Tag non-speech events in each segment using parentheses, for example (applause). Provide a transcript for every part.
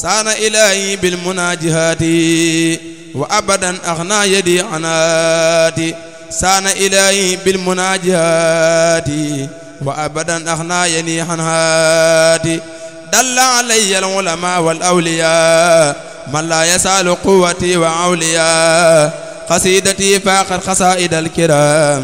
saana ilaahi bil munaajihaati wa abadan axnaa yadi anaati saana ilaahi bil munaajihaati wa abadan axnaa yadi anaati dalla alayya al ulamaa wal awliyaa man laa yasaalu quwwati wa awliyaa qasiidatii faaqat qasaa'ida al kiraam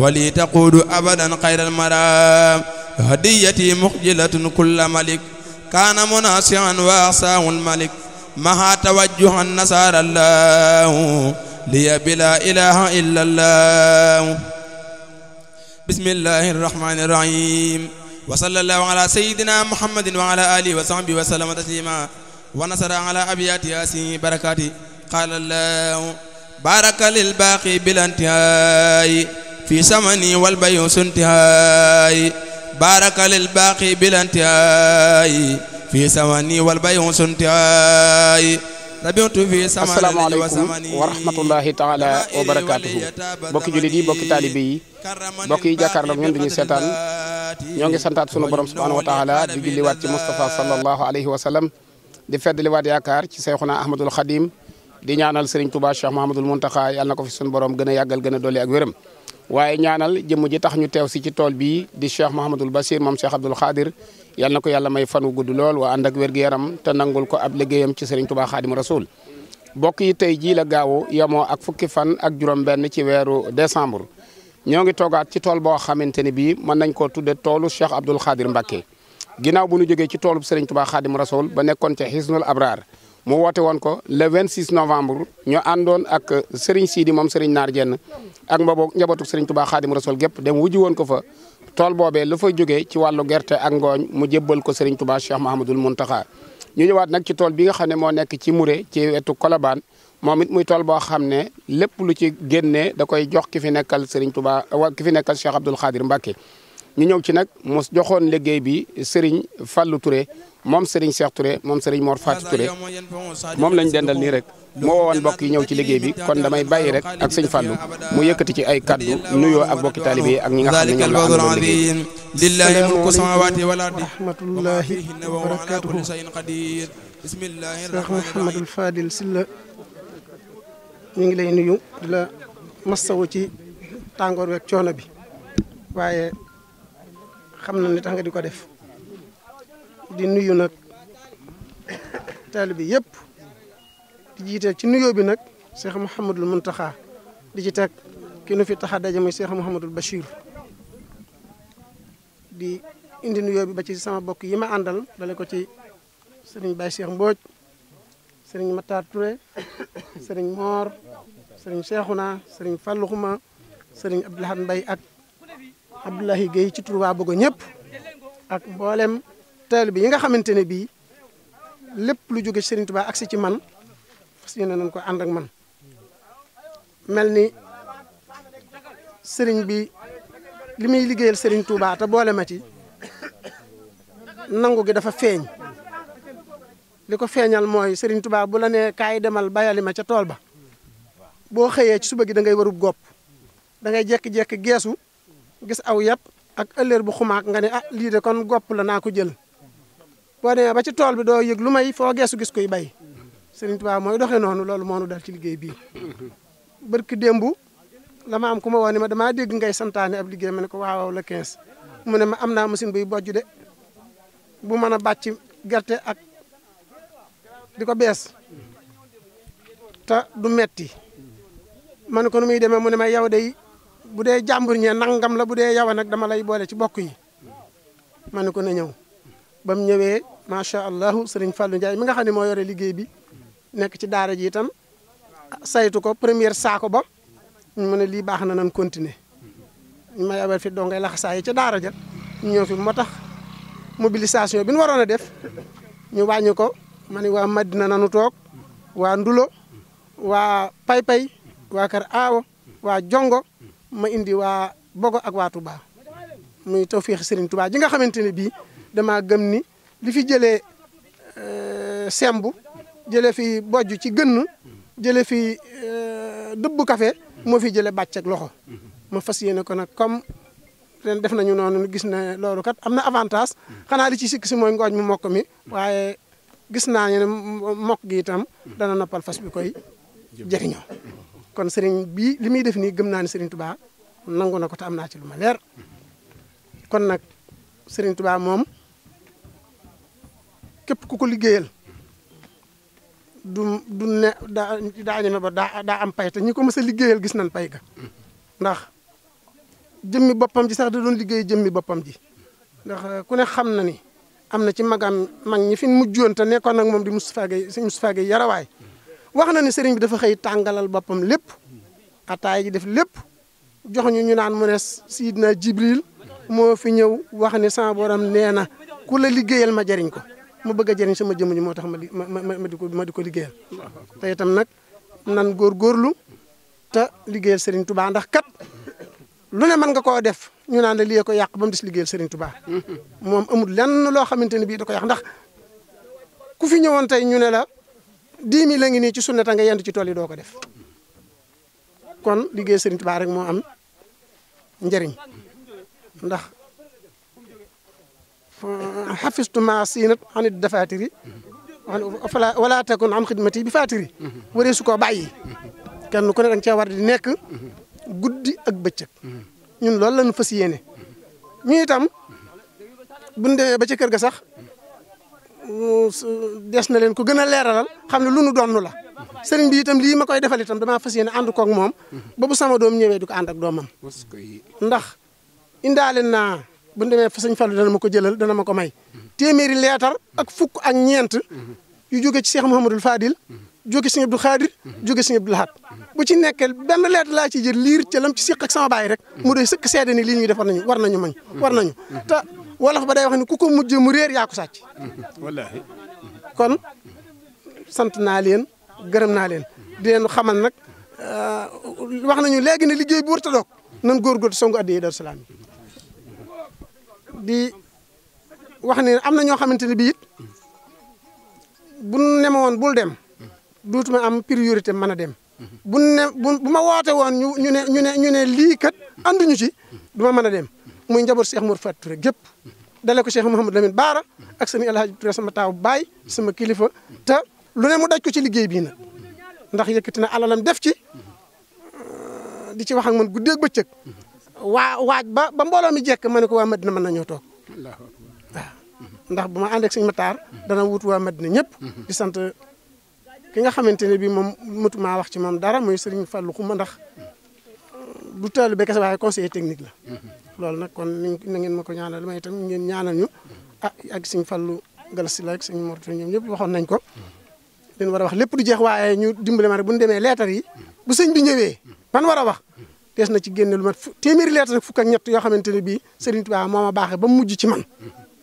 wali taquudu abadan xayral maraam hadiyati muxjilatun kulla malik kaana munaasihan wa axsaahu almalik maha tawajjuhan nasaara allahu liya bi laa ilaha illa allahu bismillahi arrahmani irrahim wa sallallahu ala sayidina muhammadin wa ala alihi wa sahbihi wa sallama taslima wa nasara ala abiyati yaasi barakati qaala allahu baraka lilbaaqi bilantihaayi fi samani walbayu suntihaayi baraka lilbaaqi bilantihaayi fi samani wal bayu suntiay rabitu fi samani asalaamaaleykum wa rahmatullahi taala wa barakaatuhu bokki jullit yi bokki taalibe yi bokki jàkkaarloog ñun dañuy seetaan ñoo ngi santaat sunu borom subhaanahu wa taala di julliwaat ci Moustapha sallallahu alayhi wa sallam di feddliwaat yaakaar ci Seyxuna Ahmadul Xadim di ñaanal Serigne Touba Cheikh Mahamadul Muntaxa yàlla na ko fi sunu borom gën a yàggal gën a dolli ak wéram waaye ñaanal jëmm ji tax ñu teew si ci tool bii di Cheikh Mahamadul Basir moom Cheikh yal na ko yàlla may fan wu gudd lool waa ànd ak wér-gu-yaram te nangul ko ab liggéeyam ci Serigne Touba Khadim Rasoul bokk yi tey jii la gaawu yemoo ak fukki fan ak juróom-benn ci weeru décembre ñoo ngi toogaat ci tool boo xamante ni bii mën nañ koo tudde toolu Cheikh Abdoul Khadir mbakke ginnaaw bu ñu jógee ci toolub Serigne Touba Khadim Rasoul ba nekkoon ca Hisnul Abrar mu woote woon ko le 26 novembre ñu àndoon ak seriñ siidi moom Serigne Naar Jenn ak mbobo njabootu Serigne Touba Khadim Rasoul gépp dem wuji woon ko fa tool boobee lu fay jógee ci wàllu gerte ak ngooñ mu jébbal ko Serigne Touba Cheikh Mahamadul Muntaxa ñu ñëwaat nag ci tool bi nga xam ne moo nekk ci Mouré ci wetu Colobane moom it muy tool boo xam ne lépp lu ci génnee da koy jox ki fi nekkal Serigne Touba ki fi nekkal Cheikh Abdoul Khadir Mbacke ñu ñëw ci nag mu joxoon liggéey bi Serigne Fallou Touré moom Serigne Cheikh Touré moom Serigne Mor Fatou Touré moom lañ dendal nii rek moo woon mbokk yi ñëw ci liggéey bi kon damay bàyyi rek ak sëñ Fallou mu yëkkati ci ay kaddu nuyoo ak bokki taalibe yi ak ñi nga xam ne ñoom la àndaloon liggéey bi. salaamaaleykum wa rahmatullahi wa barakaatuhu. Cheikh Mouhamadul Fadil Silla ñu ngi lay nuyu di la masawu ci tàngoor weeg coono bi xam na ni tax nga di ko def di nuyu nag taalibe yëpp di jiite ci nuyoo bi nag Cheikh Mouhamadul Mountakha di ci teg ki fi tax a daje muy Cheikh Mouhamadul Bachir di indi nuyoo bi ba ci sama bokk yi ma àndal dale ko ci sëriñ Baye Cheikh Mbodj sëriñ Matar Touré sëriñ Mor sëriñ Cheikhouna sëriñ Fallouxuma sëriñ Abdoulahad Mbaye ak Abdoulahi Gueye ci Touba bëgg ñëpp ak mboolem teel bi yi nga xamante ne bii lépp lu jóge Serigne Touba agsi ci man fas yéene nañ ko ànd man mel ni Serigne bi li muy liggéeyal Serigne Touba te boole ma ci nangu gi dafa feeñ li ko feeñal mooy sëriñ Touba bu la nee kaay demal bayali ma ca tool ba boo xëyee ci suba gi dangay ngay warub gopp da ngay jekki geesu gis aw yet ak ëllër bu xumaak nga ne ah lii de kon gopp la naa ko jël boo demee ba ci tool bi doo yëg lu may foo geesu gis koy bay Sëriñ Tuubaa mooy doxee noonu loolu moo nu dal ci liggéey bii ki démb la ma am ku ma woo ne ma damaa dégg ngay santaane ab liggéey ma ne ko waaw la 15 mu ne ma am naa machine buy bojj de bu mën a bàcc gerte ak di ko bees ta du metti ma ne ko nu muy demee mu ne may yow day bu dee jàmbur ñee nangam la bu dee yow nag dama lay boole ci bokk yi ma ne ko na ñëw ba mu ñëwee macha allah sëriñ Fallou Ndiaye mi nga xam ne moo yore liggéey bi nekk ci daara ji itam saytu ko première saako ba mu ne lii baax na nan continuer ñu may fi dongay laxasaa yi ca daara ja ñu ñëw fi moo tax mobilisation bi ñu waroon a def ñu wàññi ko ma ne waa Madina nanu toog waa Ndulo waa Paypay waa Kër Aawo waa Jongo ma indi waa Bogo ak waa Touba muy tawféexi Serigne tubaa ji nga xamante ne bii damaa gëm ni li fi jëlee euh, sembu jële fi bojj ci gënn jëlee fi euh, dëbb kafe moo fi jëlee bàcc loxo ma fas yéene ko nag comme ren def nañu noonu gis na loolu kat am na avantage xanaa li ci sikk si mooy ngooñ mi mokk mi waaye gis naa ne mokk gi itam dana noppal fas bi koy jëriñoo kon sëriñ bii li muy def nii gëm naa ne sëriñ Touba nangu na ko te am naa ci lu ma leer kon nag sëriñ Touba moom képp ku ko liggéeyal du du ne daa daa ñeme ba daa daa am pay ñi ko mës a liggéeyal gis nañ pay ga ndax jëmmi boppam ji sax da doon liggéey jëmmi boppam ji ndax ku ne xam na ni am na ci magam mag ñi fi mujjoon te nekkoon nag moom di Moustapha Gueye sëñ Moustapha Gueye yarawaay wax na ne sëriñ bi dafa xëy tàngalal boppam lépp ataay ji def lépp jox ñu ñu naan mu ne Sidna Jibril moo fi ñëw wax ne sama borom nee na ku la liggéeyal ma jariñ ko ma bëgg a jëriñ sama ma ji moo tax ma di ma ma di ko ma ko liggéeyal. te itam nag nan góor góorlu te liggéeyal sëriñ tubaa ndax kat lu ne mën nga koo def ñu naan la liyee ko yàq ba mu des liggéeyal sëriñ Touba. (laughs) moom amul lenn loo xamante ne bii da ko yàq ndax ku fi ñëwoon tey ñu ne la. dix mille ngi ci sunna ta nga yendu ci tool yi doo ko def kon liggéey Sëriñ Tuubaa rek moo am njëriñ ndax xafistu ma siinat xanit dafatiri wala takun am xidmati bi faatiri waree su koo bàyyi kenn ko ne danga cee war di nekk guddi ak bëccëg ñun loolu lañu fas yéene ñu itam buñ demee ci kër ga sax des na leen ko gën a leeralal xam ne lu nu la sëriñ bi itam lii ma koy defal itam damaa fas yéene ànd koog moom ba bu sama doom ñëwee di ko ànd ak doomam ndax indaale naa bu ñu demee fa sëñ Fallou dana ma ko jëlal dana ma ko may téeméeri leetar ak fukk ak ñeent yu jóge ci Cheikh Mouhamadul Fadil jóge sëñ Abdou Khadir jóge sëñ Abdou Lahad bu ci nekkee benn leet laa ci jël liir ca lam ci siq ak sama baay rek mu doy sëkk seede ni lii ñuy nañu war nañu mañ war nañu wolof ba day wax ni ku ko mujjee mu réer yaa ko sàcc. (laughs) wallaahi kon sant naa leen gërëm naa leen di leen xamal nag euh, wax nañu léegi na liggéey bu wërta doog nan góorgóorlu songu addiya Daaru Salaam di wax ne am na ñoo xamante ne bii bu ne ma woon bul dem duutuma am priorité mën a dem. bu ne bu ma woote woon ñu ñu ne ñu ne ñu ne lii kat anduñu ci duma mën a dem. muy njaboot Cheikh Mor Faty Touré gépp dale ko Cheikh Mouhamadou Lamine Baara ak sëñ El Hadj Touré sama taaw baay sama kilifa te lu ne mu daj ko ci liggéey bii na ndax yëkkati na alalam def ci euh, di ci wax ak man guddeeg bëccëg waa waaj ba ba mbooloo mi jekk ma ne ko waa Madina mën nañoo toog waaw ndax bu ma ànd ak sëñ Matar dana wut waa Madina ñëpp di sant ki nga xamante ne bii moom mëtumaa wax ci moom dara muy Serigne Fallou ma ndax euh, du taalu be kese waaye conseiller technique la loolu nag kon na ngeen ma ko ñaanal may itam ngeen ñaanal ñu ah ak sëñ Fallu Galassi la ak sëñ Mortu ñoom ñëpp waxoon nañ ko leen war a wax lépp du jeex waaye ñu dimbale ma rek bu ñu demee leetar yi bu sëñ bi ñëwee ban war a wax des na ci génne lu mat fu téeméeri leetar ak fukk ak ñett yoo xamante ne bii Sëriñ Tuubaa moo ma baaxee ba mujj ci man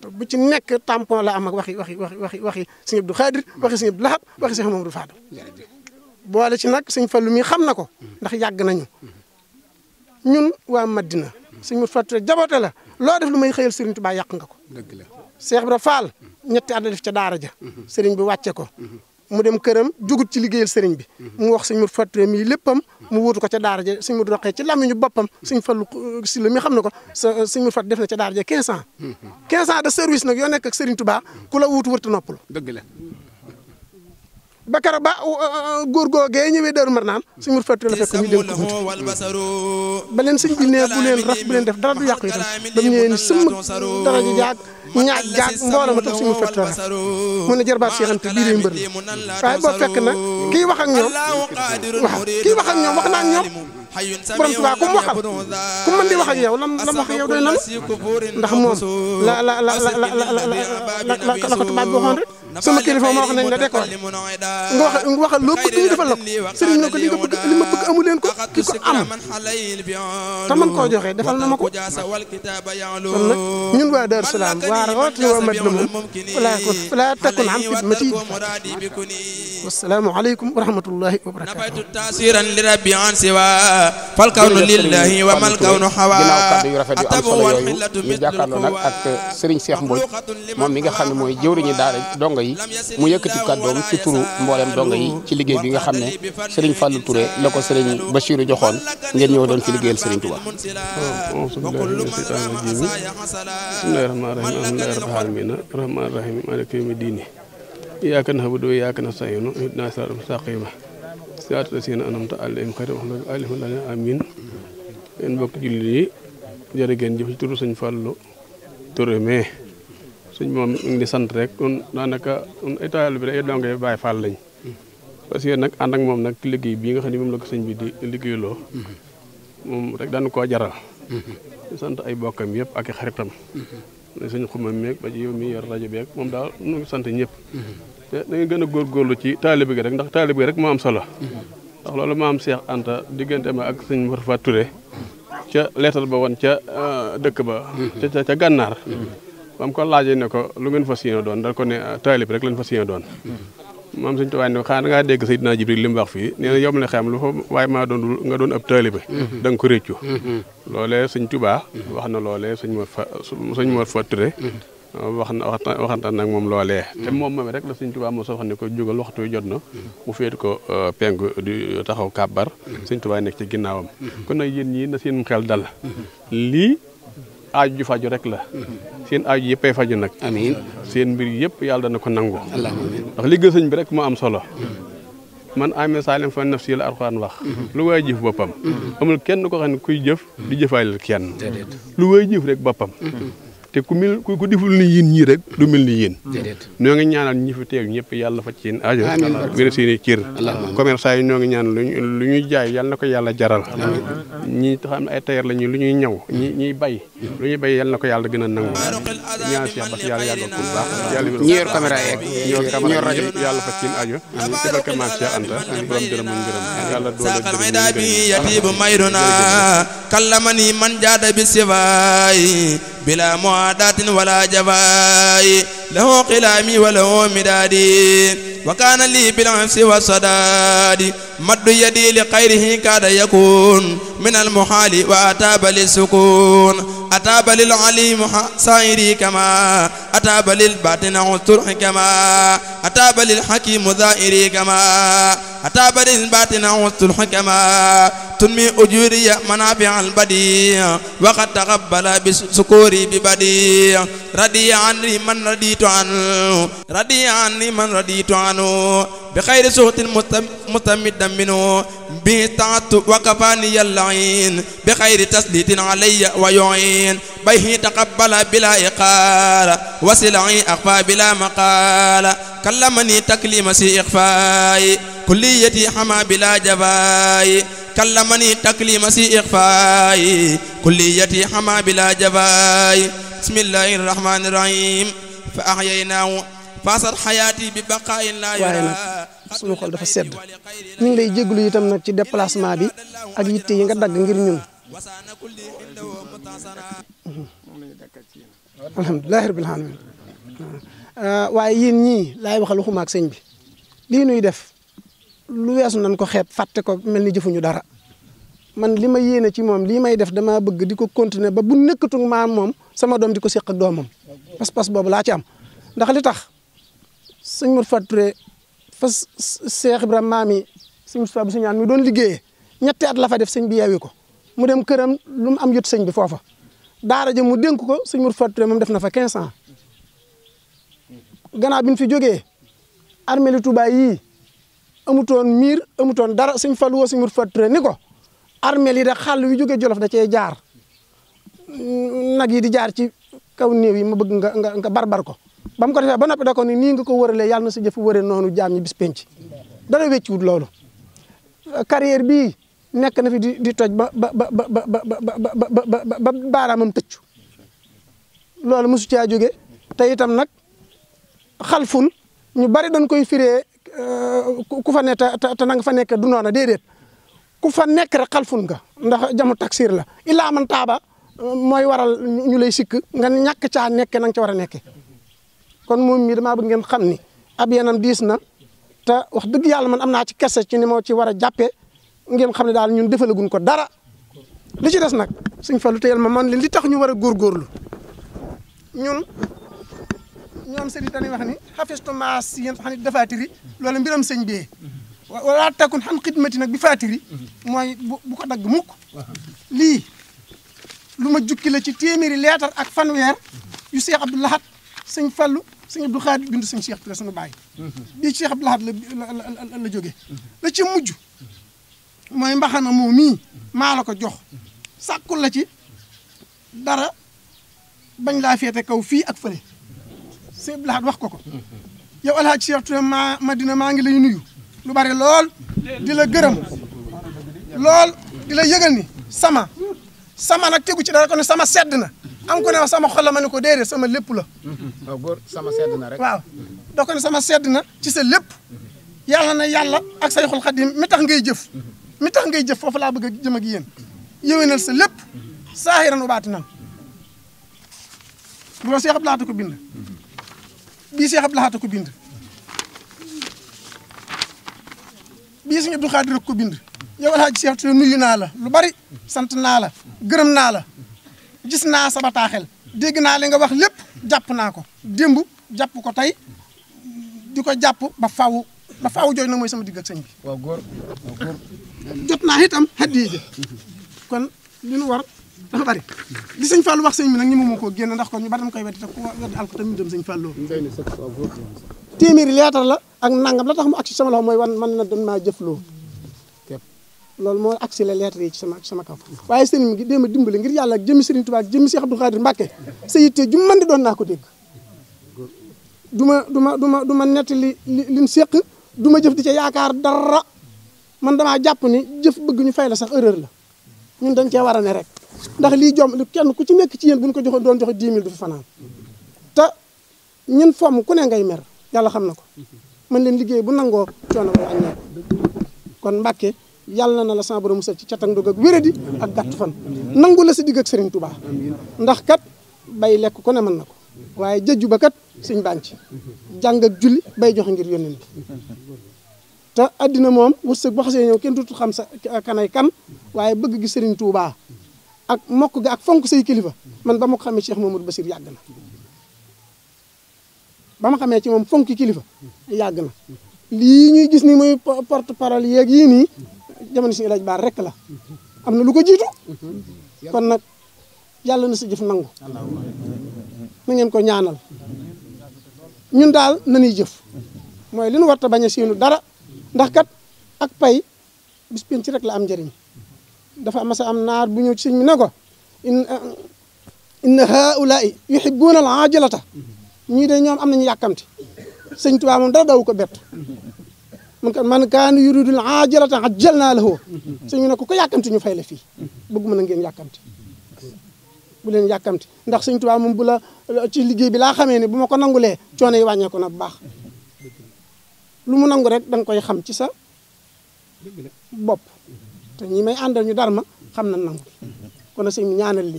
bu ci nekk tampon la am ak waxi waxi waxi waxi waxi sëñ Abdu Xaadir waxi sëñ Abdu Lahab waxi sëñ Mamadou Fadal boole ci nag sëñ Fallu mi xam na ko ndax yàgg nañu ñun waa Madina suñ mu fàtte jaboote la loo def lu may xëyal Serigne Touba yàq nga ko. dëgg la see Ibra Fall ñetti at la def ca daara ja Serigne bi wàcce ko. mu dem këram jugut ci liggéeyal sëriñ bi mhm. mu wax suñ mu fàttee mii léppam mu wuutu ko ca daara ja suñ mu doxee ci làmmiñu boppam suñ fallu si la mi xam ne ko sa suñ mu fàtt ca daara ja quinze ans mhm. quinze ans de service nag yoo nekk ak Serigne baa ku la wuutu wërta nopplu dëgg la ba kara uh, ba uh, uh, góor googee ñëwee Daaru Marnaan suñ mur fàttali la fekk ñu dénk ko ba leen sëñ bi nee bu leen raf bu leen def dara du yàqu itam ba mu ñëwee ni sëmm dara ji jaag ñaaj jaag mbooloo ma tax suñ mur fàttali la mu ne si xamte bii day mbër waaye boo fekk nag kii wax ak ñoom waaw kii wax borom Tuubaa ku mu waxal ku mën di wax ak yow lam lam wax ak yow doy na ndax moom la la la la la la la ko tubaab bi waxoon rek sama kilifa ma wax nañ la décor nga wax nga waxal loo bëgg ñu defal la ko sëriñ na ko li ma ko ki ko am te man koo joxe defal na ma ko kon nag ñun waa Darou Salaam waa rawatina waa Madina moom laa ko laa takun am fit ma tiid wasalaamu aleykum wa rahmatullahi wa barakatuh fal kawnu lillahi wa mal kawnu xawa ginnaaw yu rafet yu am nag ak euh, Serigne Cheikh Mbodj moom mi nga xam ne mooy jëwriñu daara donga yi mu yëkkati kàddoom ci turu mboolem donga yi ci liggéey bi nga xam ne Serigne Fallou Touré la ko ba Bachirou joxoon ngeen ñëw doon ci liggéeyal Serigne Touba. bismillahi rahmaani rahim alhamdulillahi rabbil alamin rahmaani rahim maliki yawmi diini iyyaka na'budu wa iyyaka nasta'iin ihdina siraatal mustaqiim siraatal lasiina an'amta alayhim xayril maxduubi alayhim wala amiin yéen mbokk jullit yi jërë ngeen jëf ci turu sëñ Fàllu Touré mais suñ moom mi di sant rek kon daanaka ay taal bi rek ay dongo yi Baay Faal lañ parce nag ànd ak moom nag liggéey bii nga xam ne moom la ko sëñ bi di liggéeyloo moom rek daan koo jaral mm-hmm. sant ay bokkam yëpp ak i xaritam mm-hmm. suñu xuma meeg ba ci yow rajo beeg moom daal ñu ngi sant ñëpp mhm. te gën a góorgóorlu ci taalib gi rek ndax taalib gi rek moo am solo mhm. ndax loolu maam Anta diggante ma ak sëñ Moustapha Touré ca leetal ba woon ca euh, dëkk ba mhm. ca ca gànnaar ba mu ko laajee ne ko lu ngeen fa yéene doon dal ko ne euh, taalib rek lañ fas yéene doon maam Sëñ Tuubaa ne xanaa da ngaa dégg Seydina Jibril li mu wax fii nee na yom la xam lu fa waaye maa doon nga doon ab taalibe mhm. da nga ko réccu mhm. loolee Sëñ Tuubaa wax na loolee sëñ Mor fa sëñ Mor Faturé mhm. wax na waxanta nag moom loolee te moom moom rek la suñ Tuubaa moo soo xam ne ko jógal waxtu wi jot na mu féet ko euh, penku di taxaw kabar Sëñ Tuubaa nekk ci ginnaawam kon a yéen ñii na seen xel dal lii aaju ju faju rek la mhm. seen aaju yëppay faju nag amiin seen mbir yëpp yàlla dana ko nangu ndax liggéey sëñ bi rek mu am solo mhm. man amee saalim fa naf si la alxuraan wax mhm. lu waay jëf boppam amul kenn ko xam kuy jëf di jëfaale kenn lu waay jëf rek boppam te ku mil ku ku deful ni yéen ñii rek du mel ni yéen ñoo ngi ñaanal ñi fi teew ñëpp yàlla fa ci yéen aajo wér seeni cër commerçant yi ñoo ngi ñaanal lu ñuy jaay yàlla na ko yàlla jaral ñi xam ay tailleur la ñu lu ñuy ñaw ñi ñuy bay lu ñuy bay yàlla na ko yàlla gën a nangu ñaan si bas yàlla yàggal ko bu baax ñi yor caméra yeeg ñi yor rajo yàlla fa ci yéen aajo te barke maam Cheikh Anta borom gërëm ak gërëm yàlla doole gërëm bi yatibu mayruna kallamani man jaada bi sifaay بلا معاداة ولا جفاء له قلامي وله مدادي wa kaana lii bil afsi wa sadaadi maddu yadi li xayrihi kaada yakun min al muhaali wa ataaba li sukun ataaba lil ali saayiri kama ataaba lil baatina usturhi kama ataaba lil hakimu zaahiri kama ataaba lil baatina usturhi kama tunmi ujuriya manaafi al badi waqad taqabbala bi sukuri bi badi radiya anni man raditu an radiya anni man raditu an عنه بخير سهت متمد منه به تعت وكفاني اللعين بخير تسديد علي ويعين به تقبل بلا إقال وسلعي أخفى بلا مقال كلمني تكليم سي إخفاي كليتي حما بلا جفاي كلمني تكليم سي إخفاي كليتي حما بلا جفاي بسم الله الرحمن الرحيم فأحييناه faasat xayaati bi baqaayin laa waaye nag suñu xol dafa sedd ñu ngi lay jégalu itam nag ci déplacement bi ak yitte yi nga dagg ngir ñun alhamdulilahi rabbil alamin ah, waaye yéen ñii laay waxal waxuma ak sëñ bi lii nuy def lu weesu nañ ko xeeb fàtte ko mel ni jëfuñu dara man li ma yéene ci moom lii may def damaa bëgg di ko continuer ba bu nekkatu maam moom sama doom di ko séq ak doomam pas-pas boobu laa ci am li tax sëñ Moustapha Touré fa Cheikh Ibrahima maam yi sëñ Moustapha bu sa ñaan mi doon liggéeyee ñetti at la fa def sëñ bi ko mu dem këram lu mu am yot sëñ bi foofa daara ja mu dénk ko sëñ Moustapha Touré moom def na fa 15 ans gannaaw bi ñu fi jógee armeli Touba yii amutoon miir amutoon dara sëñ Fallou woo sëñ Moustapha Touré ni ko armel yi da xàll wi jógee Jolof da cee jaar nag yi di jaar ci kaw néew yi ma bëgg nga nga nga ko ba mu ko defee ba noppi da ko ni nii nga ko wëralee yàlla na sa jëf wëree noonu jaam ñi bis ci dara wécciwut loolu carrière bii nekk na fi di di toj ba ba ba ba ba ba ba baaraamam tëccu loolu mosu caa jóge te itam nag xalfun ñu bari dañ koy firee ku fa ne te te na nga fa nekk du noona déedéet ku fa nekk rek xalfun nga ndax jamu taksir la illaa man taaba mooy waral ñu lay sikk nga ñàkk caa nekk na nga ca war a nekkee kon moom mii damaa bëgg ngeen xam ni ab yenam diis na ta wax dëgg yàlla man am naa ci kese ci ni moo ci war a jàppee ngeen xam ne daal ñun defalaguñ ko dara lu ci des nag suñ fa te teyel ma man li tax ñu war a góorgóorlu ñun ñoom sëriñ dañuy wax ni xafistu maas yéen xam ne dafaatiri loolu mbiram sëñ bi wala takun xam xidmati nag bi faatiri mooy bu ko dagg mukk lii lu ma jukki la ci téeméeri leetar ak fanweer yu Seex Abdou Lahad sëñ Fallu sëñ Abdou Khadir bindu sëñ Cheikh Touré sama baay bii mhm. Cheikh Abdou Lahad la la jóge la ci mujj mooy mbaxana moom mii maa ko jox sàkkul la ci dara bañ laa féete kaw fii ak fële sëñ Abdou wax ko ko mhm. yow Alhaaj Cheikh Touré maa dina maa ngi lay nuyu lu bari lool di la gërëm lool di la yëgal ni sama sama nag tegu ci dara ko ne sama sedd na am ko ne sama xol la ma ne ko déedéet sama lépp la mhm. waaw góor sama sedd na rek ci sa lépp yàlla na yàlla ak sayxul xadim mi tax ngay jëf mi tax ngay jëf foofu laa bëgg a jëm ak yéen yéwénal sa lépp saahiran wa baatinan bu ma Seex Abdu Lahat ko bind bii Seex Abdu Lahat ko bind bii Sëñ Abdu ko bind yow Alaaji Seex nuyu naa la lu bari sant naa la gërëm naa la gis naa sa bataaxel dégg naa li nga wax lépp jàpp naa ko démb jàpp ko tey di ko jàpp ba faaw ba faaw jooy nag mooy sama digg ak sëñ bi. waaw jot naa itam hadiya ji kon li nu war dafa bari li sëñ Fallou wax sëñ bi nag ñu mëmoo koo génn ndax kon ñu bari dañ koy weddi te ku weddi alko tamit dem sëñ Fallou. la ak nangam la tax mu ak si sama la mooy wan man na doon maa jëfloo. loolu moo accélé lettre yi ci sama sama kaw waaye sëriñ bi déema dimbali ngir yàlla ak jëmmi sëriñ Tuubaa ak jëmmi Seex Abdu Xaadir Mbàkke sa yitte ju mën di ko dégg ma du ma du ma du ma nett li liñ séq du jëf di ca yaakaar dara man damaa jàpp ni jëf bëgg ñu fay la sax erreur la ñun dañ cee war a ne rek ndax lii jom li kenn ku ci nekk ci yéen bu ñu ko joxoon doon joxe 10 000 du fi fanaan te ñun fomm ku ngay mer yàlla xam na ko man leen liggéey bu nangoo coono mooy añ kon Mbàkke yàlla na la sa borom musal ci catang dog ak wéradi ak gàtt fan nangu la si digg ak Serigne Touba ndax kat bay lekk ko ne mën na ko waaye jaju ba kat suñ bànc jàng ak julli bay joxe ngir yónneen bi te addina moom wërsëg boo xasee xam sa kanay kan waaye bëgg gi Serigne Touba ak mokk ga ak fonk say kilifa man ba ma ko xamee Cheikh Mamadou Bassir yàgg na xamee ci moom fonk kilifa yàgg na lii ñuy gis ni muy porte parole yii nii jamono si Elaj Baar rek la am na lu ko jiitu nag yàlla na si jëf nangu na ngeen ko ñaanal ñun daal nañuy jëf mooy li nu warta bañ a siinu dara ndax kat ak pay bis pin rek la am njëriñ dafa am sa am naar bu ñëw ci sëñ mi ne ko inna haulaai yuhibuuna al aajilata ñii de ñoom am nañu yàkkamti sëñ Tuubaa moom dara daw ko bett man mun kan man kaan yuridul aajilata ajjalnaa lahu suñu (laughs) ne ko ko yàkkamti ñu fay la fii bëgguma na ngeen yàkkamti bu leen yàkkamti ndax suñ moom bu la liggéey bi laa xamee ne bu ma ko nangulee coono yi wàññeeku na bu baax lu mu nangu rek da koy xam ci sa bopp te ñi may àndal ñu dar ma xam na nangu kon na sëñ mi ñaanal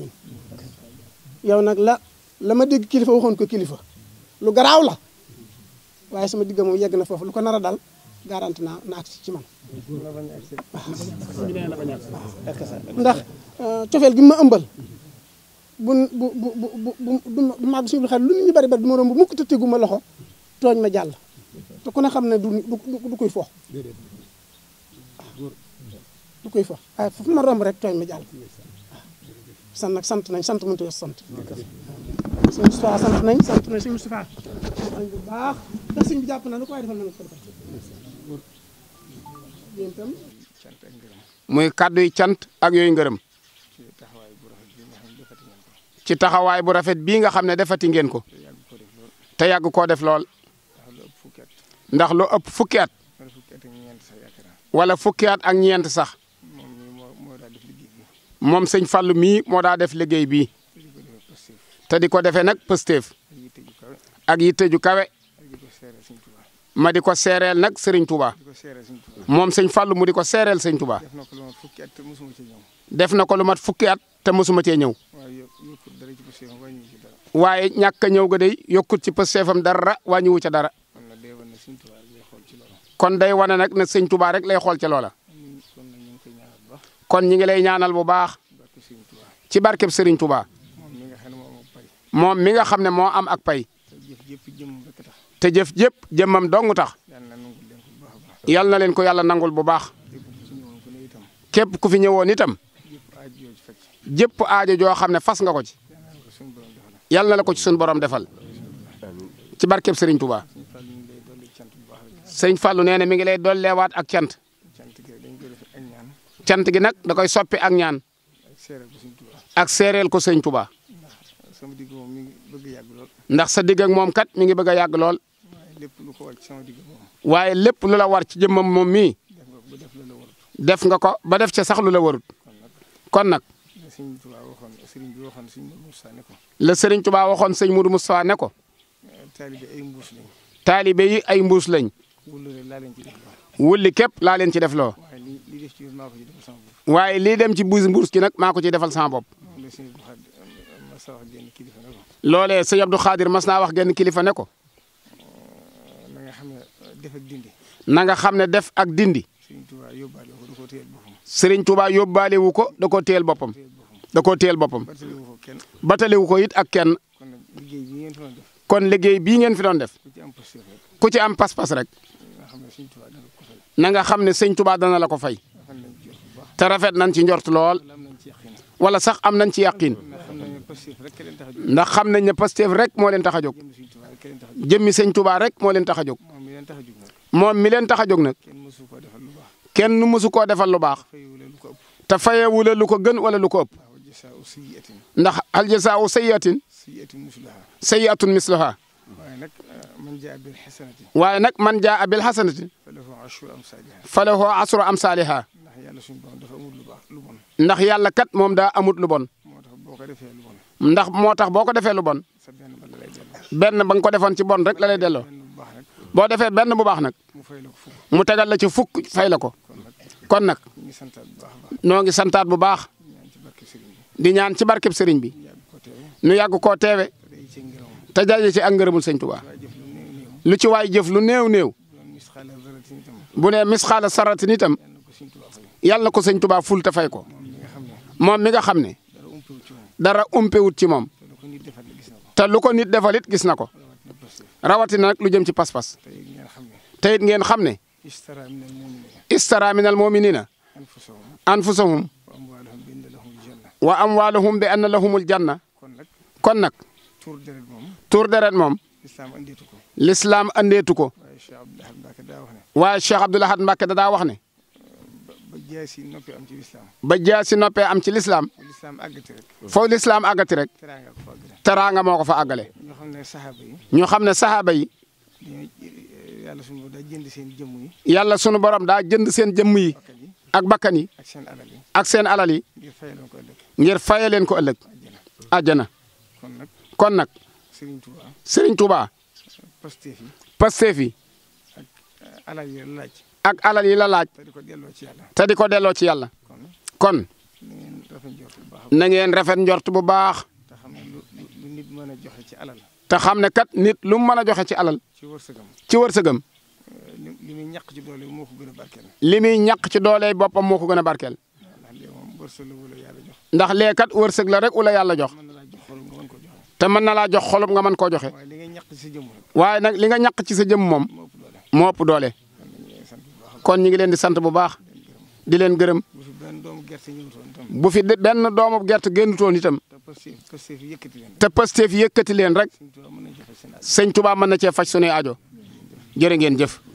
yow nag la la ma dégg kilifa waxoon ko kilifa lu garaaw la waaye sama digga moom yegg na foofu lu ko nar a dal garanti naa na agsi ci man ndax euh, cofeel gi ma ëmbal bu bu bu bu bu màgg suñu xel lu nit ñi bari bari du ma romb mukk te tegu ma loxo tooñ ma jàll te ku ne xam ne du du koy fo du koy fo waaye fu ma romb rek tooñ ma jàll sant nag sant nañ sant a sant sëñ Moustapha sant nañ sant nañ sëñ Moustapha sant nañ bu baax ndax muy kàddu yi cant ak yooyu ngërëm ci taxawaay bu rafet bii nga xam ne defati ngeen ko te yàgg koo def lool ndax lu ëpp fukki at wala fukki at ak ñeent sax moom sëñ Fallou mii moo daa def liggéey bii te di ko defee nag pësteef ak yitte ju kawe ma di ko seereel nag Serigne Touba moom sëñ Fallou mu di ko seereel sëñ Touba def na ko lu mat fukki at te mosuma cee ñëw waaye ñàkk ñëw ga day yokkut ci pësteefam dara wàññiwu ca dara kon day wane nag ne sëñ Touba rek lay xool ci loola kon ñi ngi lay ñaanal bu baax ci barkeb Serigne Touba moom mi nga xam ne moo am ak pay te jëf jëpp jëmmam dong tax yal na leen ko yàlla nangul bu baax képp ku fi ñëwoon itam jëpp aaja joo xam ne fas nga ko ci yal na la ko ci suñu borom defal ci barkeb Serigne Touba. Serigne Fallou nee na mi ngi lay dolleewaat ak cant cant gi nag da koy soppi ak ñaan ak séeréel ko Serigne Touba. ndax sa digg ak moom kat mi ngi bëgg a yàgg lool. waaye lépp lu la war ci jëmmam moom mii. def nga ko ba def ca sax lu la warut. kon nag. la Serigne Touba waxoon Serigne Modou Moussa ne ko. la Serigne Touba waxoon Serigne Modou Moussa ne ko. Eh, taalibe ay mbuus lañ. taalibe yi ay mbuus lañ. wulli képp laa leen ci def loo. waaye lii dem ci mbuus mbuus gi nag maa ko ci defal sama bopp. mas naa wax genn kilifa mas naa wax genn kilifa ne ko. Eh, na nga xam ne def ak dindi. na nga xam ne def ak dindi. Serigne Touba yóbbaale wu ko da koo teel boppam. Serigne ko da koo teel boppam. da koo teel boppam. batalewu ko it ak kenn. kon liggéey bii ngeen fi doon def. ku ci am pas-pas rek. na nga xam ne sëñ Touba dana la ko fay. te rafet nañ ci njort lool. wala sax am nañ ci yàqin ndax xam nañ ne Pastef rek moo leen tax a jóg jëmmi sëñ Touba rek moo leen tax a moom mi leen tax a jóg nag kenn mësu koo defal lu baax te fayewu la lu ko gën wala lu ko ëpp ndax hal jazaa'u sayyi'atin sayyi'atun mislaha eh, waaye nag man jaa bil hasanati falahu asru amsaliha ndax yàlla kat moom daa amut lu bon ndax moo tax boo ko defee lu bon. benn ba nga ko defoon ci bon rek la lay delloo. boo defee benn bu baax nag. mu tegal la ci fukk fay la ko. kon nag noo ngi santaat bu baax. di ñaan ci barkeb sëriñ bi. nu yàgg koo teewe. te jaajë ci ak ngërëmul sëñ Tuubaa. lu ci waay jëf lu néew néew. bu ne misxaala sarati nitam. yàlla na ko sëñ Tuubaa ful te fay ko. moom mi nga xam ne. dara umpewut ci moom te lu ko nit defal it gis na ko rawatina lu jëm ci pas-pas te ngeen xam ne istara minal muminina anfusahum wa amwaalahum bi anna lahumul janna kon nag tuur deret moom lislaam andeetu ko waaye Cheikh Abdoul Ahad Mbacke da daa wax ne ba jaasi noppee am ci lislaam. ba jaasi noppee am ci lislaam. foofu lislaam àggati rek. foofu lislaam àggati teraanga moo ko fa àggale. ñoo xam ne saxaaba yi. ñu xam ne saxaaba yi. Eh, yàlla sunu borom daa jënd seen jëmm yi. yàlla sunu borom daa jënd seen jëmm yi. ak bakkan yi. ak seen alal yi. ak seen alal yi. ngir faye leen ko ëllëg. ngir faye leen ko ëllëg. kon nag. kon nag. Serigne Touba. Serigne eh, ak alal yi la laaj. te di ko delloo ci yàlla. te di ko delloo ci yàlla. kon. na ngeen rafet njort bu baax. te xam ne mën a joxe ci alal. te xam ne kat nit lu mu mën a joxe ci alal. ci wërsëgam ci wërsëgam. Eh, li muy ñàq ci doole moo ko gën a barkeel. li muy ñàq ci doole boppam moo ko gën a barkeel. ndax lee kat wërsëg la rek wala yàlla jox. te mën na laa jox xolub nga mën koo joxe. waaye li nga ñàq ci sa jëmm moom. moo ëpp doole. kon ñu ngi leen di sant bu baax di leen gërëm bu fi benn doomu gerte génnutoon itam te Pastef yëkkati leen rek sëñ Tuubaa mën na cee faj sunuy aajo jërë ngeen jëf.